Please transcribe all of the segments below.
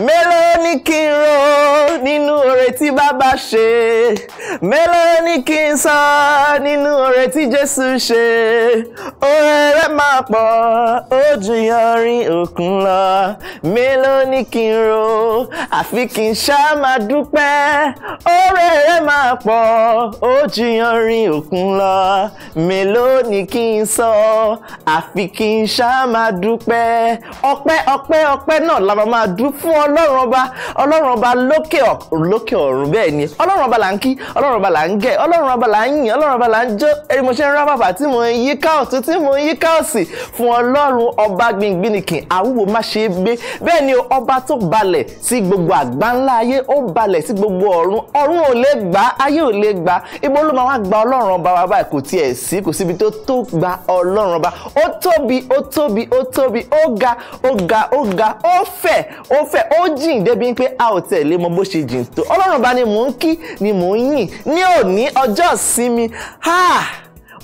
mélòó ni kí n rò nínú oore tí bàbá ṣe mélòó ni kí n sọ nínú oore tí Jésù ṣe oore rẹ̀ máa pọ̀ ó ju yanrìn òkun lọ mélòó ni kí n rò àfi kí n ṣá máa dúpẹ́ oore rẹ̀ máa pọ̀ ó ju òkun lọ mélòó ni kí n sọ àfi kí n ṣá máa dúpẹ́ ọpẹ́ ọpẹ́ ọpẹ́ náà la máa dú fún ọ ọlọ́run ọba ọlọ́run ọba lókè lókè ọ̀run bẹ́ẹ̀ ni ọlọ́run ọba là ń kí ọlọ́run ọba là ń gẹ̀ ọlọ́run ọba là ń yìn ọlọ́run ọba là ń jó ẹni mo ṣe ń rán bàbà tí mo ń yí káòtún tí mo ń yí káòsì fún ọlọ́run ọba gbìngbìnìkìn àwúwo má ṣe é gbé bẹ́ẹ̀ ni ọba tó balẹ̀ sí gbogbo àgbáńlá ayé ó balẹ̀ sí gbogbo ọ̀run ọ̀run ò lè gbà ayé ò lè gbà ibo ló máa wá gba ọlọ́run ọba wa báyìí kò tiẹ̀ sí kò síbi tó tó gba ọlọ́run ọba ó tóbi ó tóbi ó tóbi ó ga ó ga ó ga ó fẹ̀ ó fẹ̀ ó jìn débi pé a ò tẹ̀lé mọ bó ṣe jìn tó ọlọ́run bá ní mò ń kí ni mò ń yìn ní òní ọjọ́ ìsinmi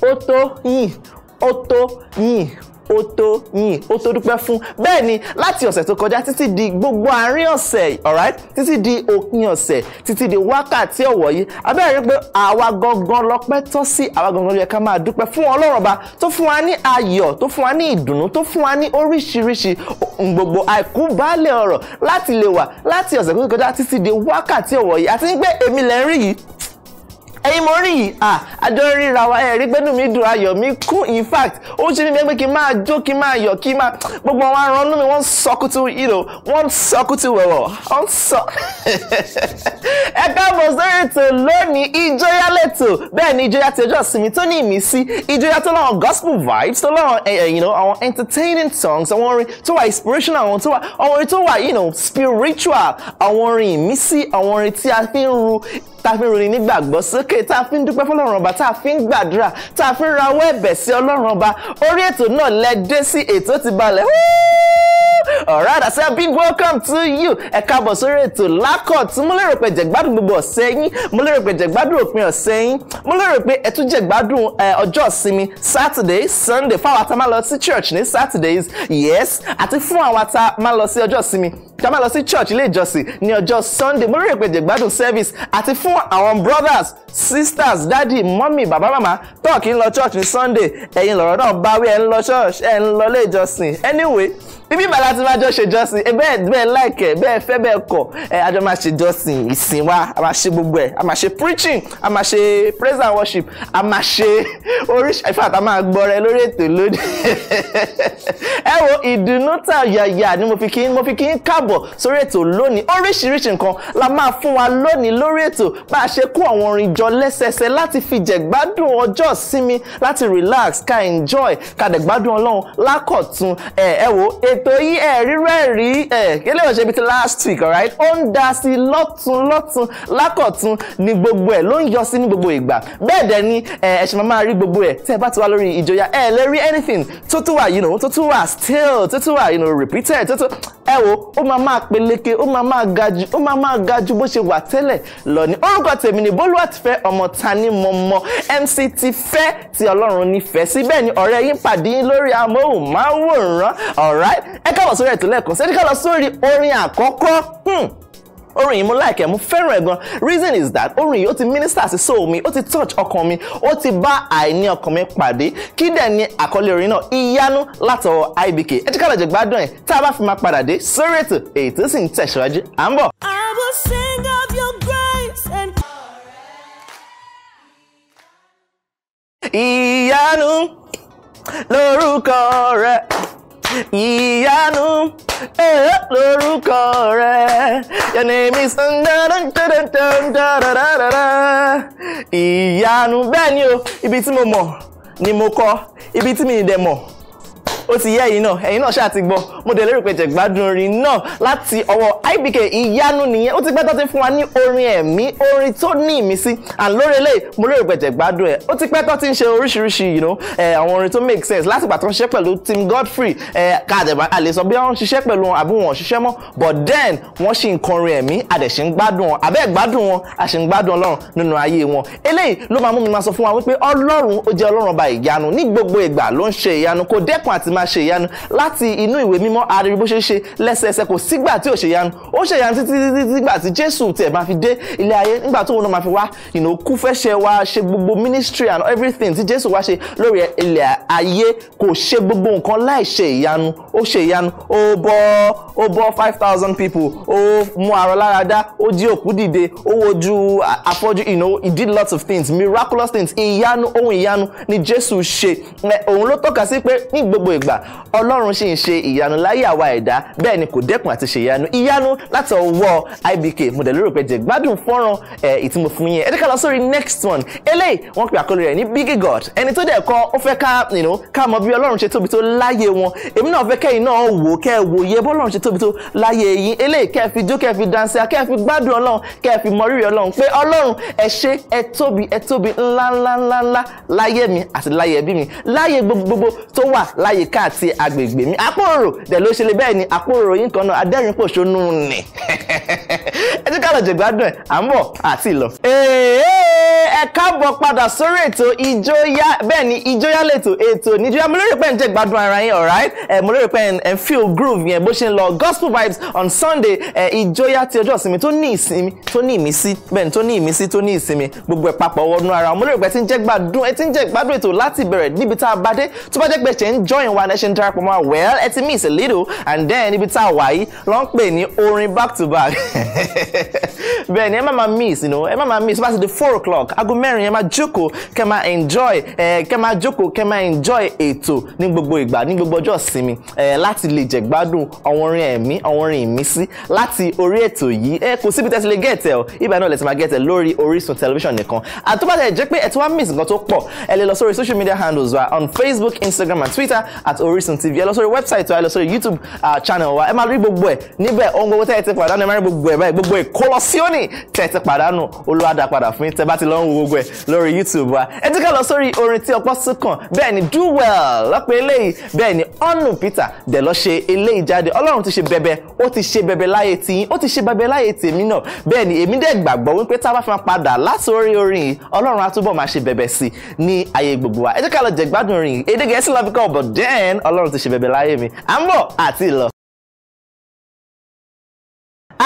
ó tó yìn ó tó yìn ó tó yìn ó tó dúpẹ́ fún bẹ́ẹ̀ ni láti ọ̀sẹ̀ tó kọjá títí di gbogbo àárín ọ̀sẹ̀ alright títí di òpin ọ̀sẹ̀ títí di wákàtí ọ̀wọ̀ yìí abẹ́rẹ́ pé àwa gangan lọ́pẹ́ tọ́ sí àwa gangan ló yẹ ká máa dúpẹ́ fún ọlọ́run ọba tó fún wa ní ayọ̀ tó fún wa ní ìdùnnú tó fún wa ní oríṣiríṣi gbogbo àìkú baálé ọ̀rọ̀ láti lè wà láti ọ̀sẹ̀ tó kọjá títí di wákàtí ọ̀wọ̀ yìí àti ń gbé èmi lẹ́ yìí ẹ̀yin mo rí yìí à àjọ ríra wa ẹ̀rí gbẹ́dùn mi dùn ayọ̀ mi kún in fact ó ṣe ní bẹ́ẹ̀ pé kí n máa jó kí n máa yọ̀ kí n máa gbogbo àwọn aránú mi wọ́n sọkútù ìlò wọ́n sọkútù wọ̀wọ̀ wọ́n sọ. ẹ káàbọ̀ sórí ètò lónìí ìjọyà lẹ́tọ̀ bẹ́ẹ̀ ni ìjọyà ti ọjọ́ ìsinmi tó ní ìmísí ìjọyà tó lọ́wọ́ gospel vibes tó lọ́wọ́ eh, eh, you know àwọn entertaining songs àwọn orin tó wà inspirational àwọn tó wà àwọn orin tó wà you know spiritual àwọn orin ìmísí àwọn orin tí a fi ń ru tá a fi ń roni nígbàgbọ́ sókè tá a fi ń dúpẹ́ fọlọ́run ọba tá a fi ń gbàdúrà tá a fi ń rawọ́ ẹ̀bẹ̀ sí ọlọ́run ọba orí ètò náà lẹ dé sí ètò ti balẹ̀ alright I say a big welcome to you ẹ káàbọ̀ sórí ètò lákọ̀tún mo lérò pé jẹ̀gbádùn gbogbo ọ̀sẹ̀ yín mo lérò pé jẹ̀gbádùn òpin ọ̀sẹ̀ yín mo lérò pé ẹ tún jẹ̀gbádùn ọjọ́ ìsinmi Saturday Sunday fún àwọn tá a máa lọ sí church ní Saturdays yes àti fún àwọn tá a máa lọ sí ọjọ́ ìsinmi ká máa lọ sí church ilé ìjọsìn ní ọjọ́ Sunday mo lérò pé jẹ̀gbádùn service àti fún fún àwọn brothers sisters daddy, mọ́mì bàbá màmá tó kì lọ church ní sunday ẹ̀yin lọ̀rọ̀ náà bá wí ẹ̀ ń lọ church ẹ̀ ń lọ ilé ìjọsìn anyway bíbí ìbàlá ti máa jọ ṣèjọsìn ẹ bẹ́ẹ̀ bẹ́ẹ̀ láìkẹ́ bẹ́ẹ̀ fẹ́ bẹ́ẹ̀ kọ̀ ẹ àjọ máa ṣèjọsìn ìsìn wa a máa ṣe gbogbo ẹ̀ a máa ṣe preaching a máa ṣe praise and worship a máa ṣe oríṣi in fact a máa gbọ́ra ẹ lórí ètò lónìí ẹ wo ìdùnnú tàyàyà ni mo fi kí mo fi kí n káàbọ̀ sórí ètò lónìí oríṣiríṣi nǹkan la máa fún wa lónìí lórí ètò bá a ṣe kó àwọn orin jọ lẹ́sẹsẹ láti fi jẹ̀gbádùn ọjọ́ sinmi láti relax ká enjoy ká dẹ̀gbádùn ọlọ́run lákọ̀tún ẹ ẹ wo ètò yìí ẹ̀ rírẹ́ rí ẹ̀ kílẹ̀ ọ̀ṣẹ́ bíi ti last week alright ó ń da sí lọ́tún lọ́tún lákọ̀tún ní gbogbo ẹ̀ ló ń yọ sí ní gbogbo ìgbà bẹ́ẹ̀ dẹ̀ ni ẹ̀ ṣe máa máa rí gbogbo ẹ̀ tẹ́ ẹ bá ti wá lórí ìjọya ẹ̀ lè rí anything tó tún wà you know tó tún wà still tó tún wà you know repeated tó tún ẹ wo ó máa máa peléke ó máa máa ga ju ó máa máa ga ju bó ṣe wà tẹ́lẹ̀ lọ ni orúkọ tèmi ni Bólúwatifẹ́ ọmọ Tanímọ̀mọ́ MC Tifẹ́ tí ọlọ́run nífẹ̀ẹ́ sí bẹ́ẹ̀ ni ọ̀rẹ́ yín pàdé yín lórí amóhùnmáwòrán alright ẹ káwọ̀ sórí ètò lẹ́ẹ̀kan ṣé ká lọ sórí orin àkọ́kọ́ hmm orin yìí mo like ẹ mo fẹ́ràn ẹ gan reason is that orin yìí ó ti minister sí soul mi ó ti touch ọkàn mi ó ti bá àìní ọkàn mi pàdé kí dẹ̀ ni àkọlé orin náà ìyanu látọwọ́ IBK ẹ jẹ́ gbádùn ẹ̀ tá a bá fi máa padà dé sórí ètò èyí tó sì ń tẹ̀síwájú à ń bọ̀. I will sing of your grace ìyanu lórúkọ rẹ ìyanu eh, lórúkọ rẹ your name is ìyanu bẹ́ẹ̀ ni o ibi tí mo mọ̀ ni mo kọ ibi tí mi ì dẹ̀ mọ̀ ó ti yé ẹ̀yin náà ẹ̀yin náà ṣáà ti gbọ́ mo dẹ̀ lérò pé jẹ̀ gbádùn orin náà láti ọwọ́ IBK ìyanu nìyẹn ó ti pẹ́ tó ti fún wa ní orin ẹ̀mí orin tó ní ìmísí and lórí eléyìí mo lérò pé jẹ̀ gbádùn ẹ̀ ó ti pẹ́ tó ti ń ṣe oríṣiríṣi you know eh, àwọn orin tó make sense láti pàtó ṣiṣẹ́ pẹ̀lú Tim Godfrey eh, kàdébà àlè sọ bí wọ́n ṣiṣẹ́ pẹ̀lú wọn àbí wọn ṣiṣẹ́ mọ́ but then wọ́n ṣì ń kọrin ẹ̀mí àdẹ̀ṣe ń gbádùn wọn àbẹ́ gbádùn wọn àṣẹ ń gbádùn Ọlọ́run nínú ayé wọn eléyìí ló máa mú mi máa sọ fún wa wípé Ọlọ́run ó jẹ́ Ọlọ́run ọba ìyanu ní gbogbo ìgbà ló ń ṣe ìyanu kò dẹ́kun àti máa ṣe ìyanu láti inú ìwé mímọ́ ariwo bó ṣe ṣe lẹ́sẹẹsẹ kò sígbà tí ò ṣe ìyanu ó ṣe ìyanu títí títí nígbà tí jésù tiẹ̀ máa fi dé ilé ayé nígbà tóun náà máa fi wá ìnáwó kú fẹ́ ṣe wá ṣe gbogbo ministry and everything tí jésù wá ṣe lórí ilẹ̀ ayé kò ṣe gbogbo nǹkan láì ṣe ìyanu ó ṣe ìyanu ó bọ́ ó bọ́ five thousand people ó mú arọ lára dá ó jí òkú dìde ó wojú afọ́jú ìnáwó he did lots of things miraculous things ìyanu ohun ìyanu ni jésù ṣe òun ló tọ́ka sí pé ní gbogbo ìgbà ìgbà ọlọ́run sì ń ṣe ìyanu láyé àwa ẹ̀dá bẹ́ẹ̀ ni kò dẹ́kun àti ṣe ìyanu ìyanu láti ọwọ́ IBK mo dẹ̀ lérò pé jẹ́ gbádùn fọ́nrán ẹ̀ ìtí mo fún yín ẹ jẹ́ ká lọ sórí next one eléyìí wọ́n pe àkọlé rẹ̀ ní big god ẹni tó dẹ̀ kọ́ ó fẹ́ ká ká mọ bí ọlọ́run ṣe tóbi tó láyé wọn èmi náà fẹ́ kẹ́yìn náà wò kẹ́ ẹ wòye bọ́lọ́run ṣe tóbi tó láyé yín eléyìí kẹ́ ẹ fi jó kẹ́ ẹ fi dansia kẹ́ ẹ fi gbádùn ọlọ́run kẹ́ ẹ fi mọrírì ọlọ́run pé ọlọ́run ẹ ṣé ẹ tóbi ẹ tóbi ńláńláńláńlá láyé mi àti láyé ẹbí mi láyé gbogbogbò tó wà láyé k àyíká àti agbègbè mi àpòrò dẹ̀ ló ṣe lè bẹ́ẹ̀ ni àpòrò yín kan náà adẹ́rìn pòṣónú nì ẹ jẹ́ ká lọ jẹ̀gbádùn ẹ̀ à ń bọ̀ àti lọ. ẹ káàbọ̀ padà sórí ètò ìjóyà bẹ́ẹ̀ ni ìjóyà lètò ètò níjọ́yà mo lérò pé ń jẹ̀gbádùn ara yín alright mo lérò pé ń feel groove yẹn bó ṣe ń lọ gospel vibes on sunday ìjóyà ti ọjọ́ ìsinmi tó ní ìsinmi tó ní ìmísí bẹ́ẹ̀ ni tó ní ìmísí tó ní ìsinmi gbogbo ẹ̀ papọ̀ wọnú ara mo lérò pé ẹ ti ń jẹ̀gbádùn ẹ ti ń jẹ̀gbádùn ètò láti bẹ̀rẹ̀ níbi tá a bá dé tó bá jẹ́ pé ṣe ń join wa ẹ darapọ̀ mọ́ well ẹ ti miss a little and then ibi tá a wà yìí ló ń pè ní orin back to back bẹ́ẹ̀ ni ẹ má máa miss you know ẹ má máa miss bá ti di four o'clock aago mẹ́rin ẹ máa jókòó kẹ́ máa enjoy ẹ kẹ́ máa jókòó kẹ́ máa enjoy ètò ní gbogbo ìgbà ní gbogbo ọjọ́ ìsinmi ẹ láti lè jẹ gbádùn àwọn orin ẹ̀mí àwọn orin ìmísí láti orí ètò yìí ẹ kò síbi tẹ́sílẹ̀ gẹ̀ẹ́tẹ̀ ọ ibà náà lẹ ti máa gẹ̀ẹ́tẹ̀ lórí Orísun tẹlifíṣàn nìkan àtúbàtẹ̀ jẹ́ pé ẹ ti wá miss nǹkan tó pọ̀ ẹ lè lọ sórí social media handles wa on Facebook Instagram and Twitter at at Orisun TV ẹ lọ sórí wẹ́bsáìtì ẹ lọ sórí YouTube uh, channel wa ẹ máa rí gbogbo ẹ̀ níbẹ̀ ohun gbogbo tẹ́ ẹ ti pàdánù ẹ máa rí gbogbo ẹ̀ báyìí gbogbo ìkọlọsíọ́nì tẹ́ ẹ ti pàdánù olùwádàpadà fún tẹ́ bá ti lọ ń wo gbogbo ẹ̀ lórí YouTube wa ẹ ti ká lọ sórí orin tí ọpọ́ sún kàn bẹ́ẹ̀ ni do well lọ́pẹ́ eléyìí bẹ́ẹ̀ ni ọ̀nù Peter dẹ̀ lọ ṣe eléyìí jáde Ọlọ́run ti ṣe bẹbẹ ó ti ṣe bẹbẹ láyé tiyín ó ti ṣe bẹbẹ láyé tèmi náà bẹ́ẹ̀ ni èmi dẹ̀ gbàgbọ́ wípé tá a bá fi máa padà láti orí orin yìí Ọlọ́run á túbọ̀ máa ṣe bẹbẹ sí i ní ayé gbogbo wa ẹ jẹ́ ká lọ jẹ̀gbádùn orin yìí èdè Gẹ̀ẹ́sì lọ́bìkọ́ ọ̀bọ̀dẹ́ẹ̀ amen ọlọ́run ti ṣe bẹ̀bẹ̀ láyé mi à ń bọ̀ àti ìlọ.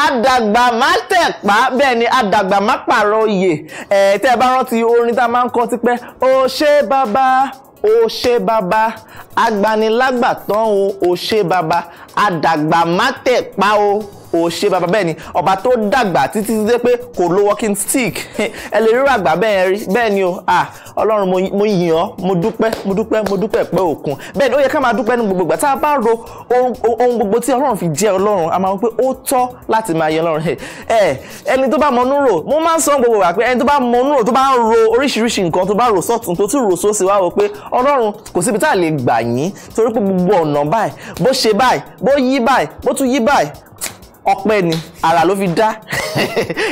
Àdàgbà má tẹ̀pá bẹ́ẹ̀ ni àdàgbà má pààrọ̀ oyè ẹ̀ tẹ́ ẹ bá rántí orin tá a máa ń kọ́ tipẹ́ ó ṣe bàbá ó ṣe bàbá agbanilágbà tán o ó ṣe bàbá àdàgbà má tẹ̀pá o ò ṣe bàbá bẹ́ẹ̀ ni ọba tó dàgbà títí dé pé kò lo walking stick ẹ lè rírà àgbà bẹ́ẹ̀ rí bẹ́ẹ̀ ni o ah ọlọ́run mo yìn ọ́ mo dúpẹ́ mo dúpẹ́ mo dúpẹ́ pẹ́ òkun bẹ́ẹ̀ ni ó yẹ ká máa dúpẹ́ ní gbogbo ìgbà tá a bá ro ohun gbogbo tí ọlọ́run fi jẹ́ ọlọ́run a máa wọ pé ó tọ́ láti máa yẹ ọlọ́run ẹ ẹni tó bá mọnú rò mo máa ń sọ gbogbo wà pé ẹni tó bá mọnú rò tó bá ń ro oríṣiríṣi nǹkan tó bá rò sọ́tún tó tún rò sósì wá wò pé ọlọ́run kò síbi tá a lè gbà yín torí pé gbogbo ọ̀nà báyìí bó ṣe báyìí bó yí báyìí bó tún yí báyìí ọpẹ́ ni ara ló fi dá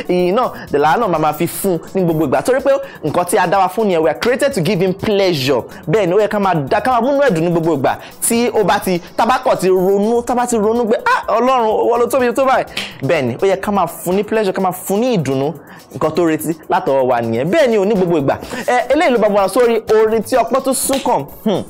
ìyìn náà dèlà náà màmá fi fún ní gbogbo ìgbà torí pé nǹkan tí a dá wa fún nìyẹn we are created to give him pleasure bẹ́ẹ̀ ni ó yẹ ká máa da ká máa múnú ẹ̀dùn ní gbogbo ìgbà tí ó bá ti tabakọ̀ ti ronú tábà ti ronú pé ah ọlọ́run owó ló tóbi tó báyìí bẹ́ẹ̀ ni ó yẹ ká máa fún ní pleasure ká máa fún ní ìdùnnú nǹkan tó retí látọwọ́ wa nìyẹn bẹ́ẹ̀ ò ní gbogbo ìgbà ẹ eléyìí ló bá bọ̀ sórí orin tí ọpẹ́ tó sún kàn hmm.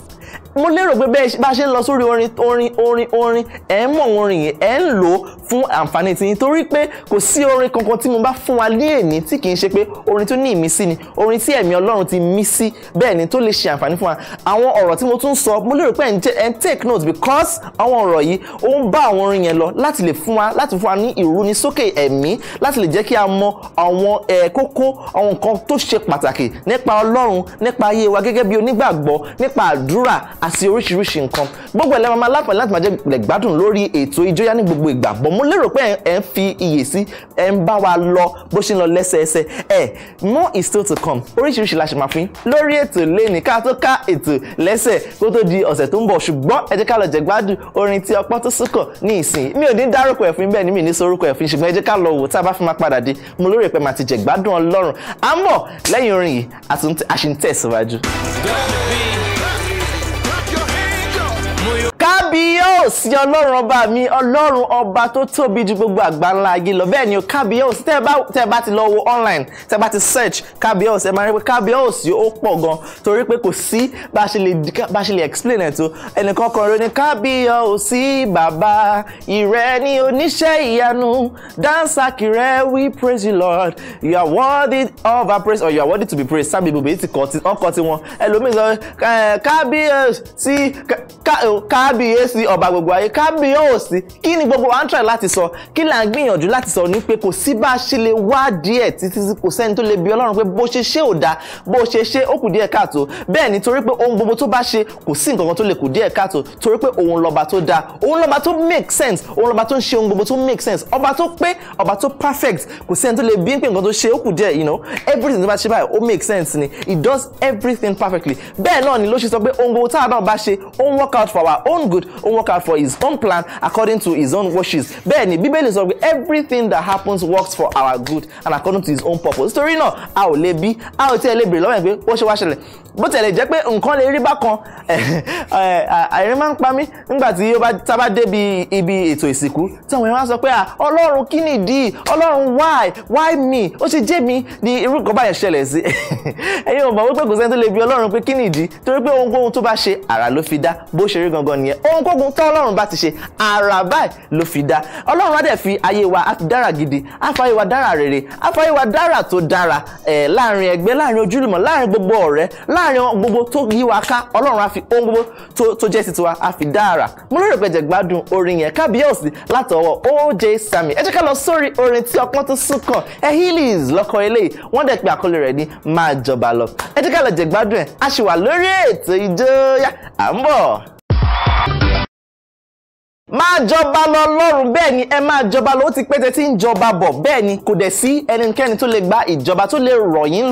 mo lérò pé bẹ́ẹ̀ bá ṣe ń lọ sórí orin orin orin orin ẹ̀ ń mọ̀ orin yìí ẹ̀ ń lò ó fún àǹfààní tiyín torí pé kò sí orin kankan tí mo bá fún wa ní èní tí kì í ṣe pé orin tó ní ìmísí ni orin tí ẹ̀mí Ọlọ́run ti mí sí bẹ́ẹ̀ ni tó lè ṣe àǹfààní fún wa àwọn ọ̀rọ̀ tí mo tún sọ mo lérò pé ẹ̀ ń take note because àwọn ọ̀rọ̀ yìí ó ń bá àwọn orin yẹn lọ láti lè fún wa láti fún wa ní ìrúnisókè ẹ̀mí láti lè jẹ́ kí a mọ àwọn kókó àwọn nǹkan tó ṣe pàtàkì nípa Ọlọ́run nípa ayé wa gẹ́gẹ́ bí onígbàgbọ́ nípa àdúrà àti oríṣiríṣi nǹkan gbogbo ẹ̀lẹ́ máa láǹfààní láti máa jẹ́ ìpìlẹ̀ gbádùn lórí ètò ìjóyà ní gbogbo ìgbà bọ̀ mo lérò pé ẹ̀ ń fi iyè sí ẹ̀ ń bá wa lọ bó ṣe ń lọ lẹ́sẹẹsẹ ẹ̀ more is still to come oríṣiríṣi la ṣe máa fi lórí ètò lẹ́ni ká tó ká ètò lẹ́sẹ̀ kó tó di ọ̀sẹ̀ tó ń bọ̀ ṣùgbọ́n ẹ jẹ́ ká lọ jẹ gbádùn orin tí ọpọ́n tó súnkàn ní ìsìn mi ò ní dárúkọ ẹ̀fín bẹ́ẹ̀ ni mi ní sorúkọ ẹ̀fín ṣùgbọ́n ẹ jẹ́ ká lọ wò tá a bá fi máa padà dé mo lérò pé màá ti jẹ gbádùn ọlọ́run àmọ́ lẹ́yìn orin yìí àṣìntẹ̀síwájú. gọ́dọ̀ bíi sí ọlọ́run ọba mi ọlọ́run ọba tó tóbi ju gbogbo àgbáńlá ayé lọ bẹ́ẹ̀ ni o kábíyèsí tẹ́ ẹ bá ti lọ wo online tẹ́ ẹ bá ti search kábíyèsí ẹ máa rí pé kábíyèsí ó pọ̀ gan torí pé kò sí bá a ṣe lè explain ẹ̀ tó ẹnìkan kan ló ní kábíyèsí bàbá ìrẹ́ ni oníṣẹ́ ìyanu dansaki rẹ̀ we praise you lord you are worthy of our praise or you are worthy to be praised sábì ibùbí ti kọ́ tiwọn ẹlòmíràn eh, kábíyèsí kábíyèsí ọba gbogbo gbogbo ayé kábíyèsí kí ni gbogbo wa ń try láti sọ kí là ń gbìyànjú láti sọ ní pé kò sí bá a ṣe lè wá díẹ̀ títí kò sẹ́ni tó lè bi ọlọ́run pé bó ṣe ṣe ò dáa bó ṣe ṣe ó kù díẹ̀ káàtó bẹ́ẹ̀ ni torí pé ohun gbogbo tó bá ṣe kò sí nǹkan kan tó lè kù díẹ̀ káàtó torí pé òun lọ́ba tó dáa òun lọ́ba tó make sense òun lọ́ba tó ń ṣe ohun gbogbo tó make sense ọba tó pé ọba tó perfect kò sẹ́ni tó lè bí pé nǹkan tó ṣe ó kù díẹ̀ you know everything tó bá ṣe báyìí ó make sense ni it does everything perfectly bẹ́ẹ̀ náà ni ló ṣe sọ pé ohun gbogbo táwa náà bá ṣe ó ń work out for our own good ó ń work out for for his own plan according to his own wishes bẹ́ẹ̀ ni bíbélì sọ pé everything that happens works for our good and according to his own purpose torí náà a ò lè bí a ò tiẹ̀ lè béèrè lọ́wọ́ ẹ̀ pé ó ṣe wá ṣẹlẹ̀ bó tẹ̀lé jẹ́ pé nǹkan lè rí bákan eh, eh, àìrí máa ń pa mí nígbà tí ó bá sábà débi ibi ètò ìsìnkú tí àwọn èèyàn wá sọ pé ọlọ́run kí nìdí ọlọ́run why why me ó ṣe jẹ́ mi ni irú nǹkan báyẹn ṣẹlẹ̀ sí ẹ̀yin ò mọ̀ wípé kò sẹ́ni tó lè bi ọlọ́run pé kí nìdí torí pé ohunkóhun tó bá ṣe àrà ló fi dá bó ṣe rí gangan nìyẹn ohunkóhun tọ́lọ́ tọ́lọ́run bá ti ṣe ara báyìí ló fi dá ọlọ́run á fi ayé wa á fi dára gidi á fayé wa dára rere á fayé wa dára tó dára ẹ̀ láàrin ẹgbẹ́ láàrin ojúlùmọ̀ láàrin gbogbo ọ̀rẹ́ láàrin gbogbo tó yí wa ká ọlọ́run á fi ohun gbogbo tó jẹ́ sí tiwa á fi dára mo lérò pé jẹ́ orin yẹn kábíyèsí látọwọ́ OJ Sammy ẹ jẹ́ ká lọ sórí orin tí ọpọ́n tó sún kàn ẹ heelys lọ́kọ eléyìí wọ́n dẹ̀ pé àkọlé rẹ̀ ní máa jọba lọ ẹ jẹ́ ká lọ jẹ́ gbádùn à ń bọ̀ máa jọba lọ lọ́run bẹ́ẹ̀ ni ẹ máa jọba lọ ó ti pété tí ń jọba bọ̀ bẹ́ẹ̀ ni kò dẹ̀ sí ẹnikẹ́ni tó lè gba ìjọba tó lè rọ̀ yín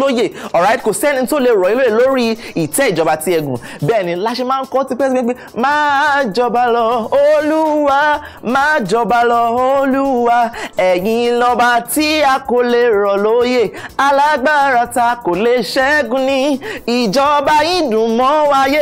alright kò sẹ́ni tó lè rọ̀ yín lóyè lórí ìtẹ́ ìjọba tí ẹ gùn bẹ́ẹ̀ ni láṣẹ máa ń kọ́ ti pété pé máa jọba lọ olúwa máa jọba lọ olúwa ẹ̀yin lọ́ba tí a kò lè rọ̀ lóyè alágbára ta kò lè ṣẹ́gun ní ìjọba yín wáyé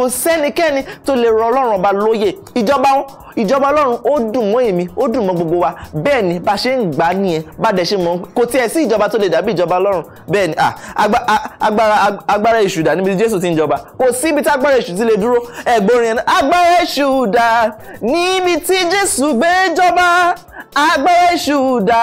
kò sẹ́nikẹ́ni tó lè rọ ọlọ́run ọba lóyè ìjọba wọn ìjọba ọlọ́run ó dùn mọ́ èmi ó dùn mọ́ gbogbo wa bẹ́ẹ̀ ni bá ṣe ń gbà á nìyẹn bá dẹ̀ ṣe mọ́ kò tiẹ̀ sí ìjọba tó lè dàbí ìjọba ọlọ́run bẹ́ẹ̀ ni agbára agbára èṣù dà níbi jésù ti ń jọba kò síbi tí agbára èṣù ti lè dúró ẹ̀gbọ́n yẹn agbára èṣù dà níbi tí jésù gbé jọba agbára èṣù dà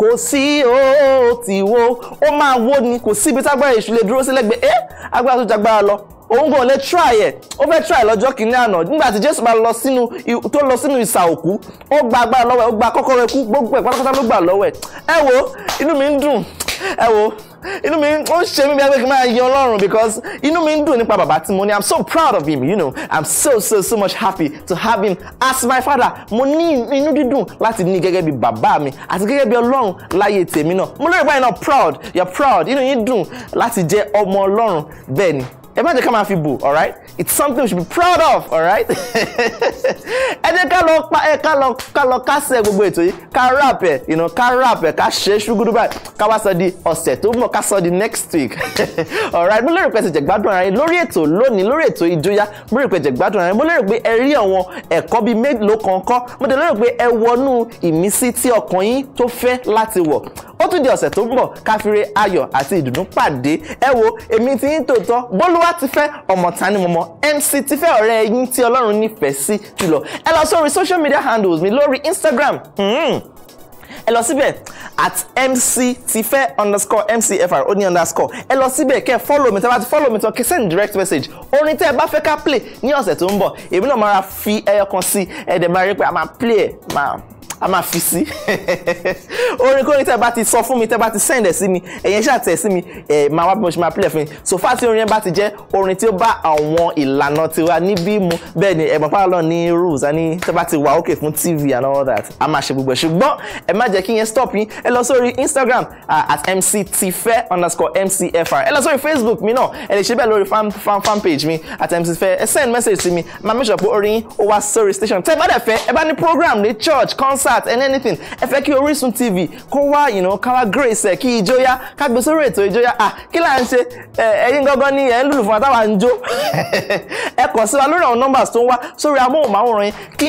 kò sí ó ti ó máa wó ni kò síbi tí agbára èṣù lè dúró sí lẹ́gbẹ̀ẹ́ agbára tó jagbára lọ òun kò lè try ẹ̀ ó fẹ́ try lọ́jọ́ kìíní àná nígbà tí jésù bá lọ sínú tó lọ sínú ìsà òkú ó gba agbára lọ́wọ́ ẹ̀ ó gba kọ́kọ́rọ́ ikú gbogbo ẹ̀ pátápátá ló gbà lọ́wọ́ ẹ̀ ẹ wo inú mi ń dùn ẹ wo inú mi ó ń ṣe mí bí agbẹ́ kí n máa yìn ọlọ́run because inú mi ń dùn nípa bàbá tí mo ní i'm so proud of him you know i'm so so so much happy to have him as my father mo ní inú dídùn láti ní gẹ́gẹ́ bí bàbá mi àti gẹ́gẹ́ bí ọlọ́run láyé tèmi náà mo lérò báyìí náà proud you're proud inú yín dùn láti jẹ́ ọmọ ọlọ́run bẹ́ẹ̀ ni ẹ má jẹ́ ká fi bò all right it's something we should be proud of all right ẹ jẹ́ ká lọ pa ẹ ká lọ ká lọ kásẹ̀ gbogbo ètò yìí ká rap ẹ̀ you know ká rap ẹ̀ ká ṣe é ṣúgúdú báyìí ká wá sọ di ọ̀sẹ̀ tó mọ̀ ká sọ di next week all right mo lérò pé ẹ ti jẹ gbádùn ara yín lórí ètò lónìí lórí ètò ìjọyà mo lérò pé ẹ jẹ gbádùn ara yín mo lérò pé ẹ rí àwọn ẹ̀kọ́ bíi mélòó kan kọ́ mo dẹ̀ lérò pé ẹ wọnú ìmísí tí ọkàn yín tó fẹ́ láti wọ̀ ó tún di ọ̀sẹ̀ tó ń bọ̀ káfíre ayọ̀ àti ìdùnnú pàdé ẹ wo èmi ti ń tòótọ́ bólúwá ti fẹ́ ọmọ tanimọ̀mọ́ MC ti fẹ́ ọ̀rẹ́ yín tí ọlọ́run nífẹ̀ẹ́ sí jùlọ ẹ lọ sórí social media handles mi lórí Instagram hmm ẹ lọ síbẹ̀ at mctife underscore mcfr ó ní underscore ẹ lọ síbẹ̀ kẹ́ ẹ follow mi tí a bá ti follow mi tán kẹ́ send direct message orin tẹ́ ẹ bá fẹ́ ká play ní ọ̀sẹ̀ tó ń bọ̀ èmi náà máa fi ẹyọ kan sí ẹ̀ dẹ̀ máa rí pé a máa play ẹ̀ máa a máa fi sí orin kórin tẹ́ bá ti sọ fún mi tẹ́ bá ti send ẹ̀ sí mi ẹ̀yẹn ṣáà tẹ̀ sí mi ẹ̀ máa wá bí mo ṣe máa play fún yín so far tí orin yẹn bá ti jẹ́ orin tí ó bá àwọn ìlànà tiwa níbí mu bẹ́ẹ̀ ni ẹ̀gbọ́n pàlọ́ ní rules a ní tẹ́ bá ti wà okay fún tv and all that a máa ṣe gbogbo ẹ̀ ṣùgbọ́n ẹ má jẹ́ kí yẹn stop yín ẹ lọ sórí instagram at mctife underscore mcfr ẹ lọ sórí facebook mi náà ẹ lè ṣe bẹ́ẹ̀ lórí fan fan fan page mi at mctife send message sí mi máa make sure pé orin yín station tẹ́ bá dẹ̀ fẹ́ ẹ bá program ní church concert concerts and anything ẹ fẹ́ kí Orísun TV kó wá you know ká grace ẹ̀ kí ijó yá ká gbé sórí ètò ijó yá ah kí là ń ṣe ẹ̀yin gangan ni ẹ̀ ń lùlù fún àtàwọn àjò ẹ kàn sí wa lórí àwọn numbers tó ń wá sórí amóhùnmáwòrán yín kí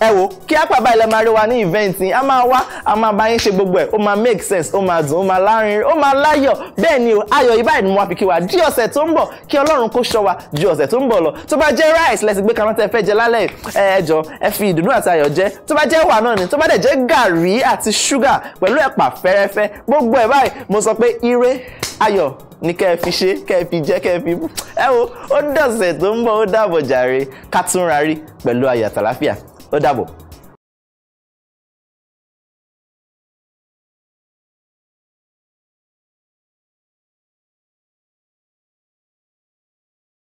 ẹ wo kí apá báyìí lẹ máa rí wa ní event yìí a máa wá a máa bá yín ṣe gbogbo ẹ ó máa make sense ó máa dùn ó máa lárinrin ó máa láyọ̀ bẹ́ẹ̀ ni o ayọ̀ yìí báyìí ni mo wá fi kí wa di ọ̀sẹ̀ tó ń bọ̀ kí Ọlọ́run kó ṣọ́ wa ju ọ̀sẹ̀ tó ń bọ̀ lọ tó bá jẹ́ rice lẹsìn gbé kaná tẹ́ fẹ́ jẹ lálẹ́ ẹ jọ ẹ fi ìdùnnú àti ayọ̀ jẹ tó bá jẹ́ wà náà ni tó bá dẹ̀ jẹ́ gàrí àti ṣúgà pẹ̀lú ẹ̀pà ire ayọ̀ ni kẹ́ ẹ fi ṣe kẹ́ ẹ fi jẹ́ kẹ́ ẹ fi mú ẹ wo ó dọ̀sẹ̀ tó ń bọ̀ ó dàbọ̀ jàre ká tún ra pẹ̀lú ayọ̀ àtàláfíà Ô, Davo,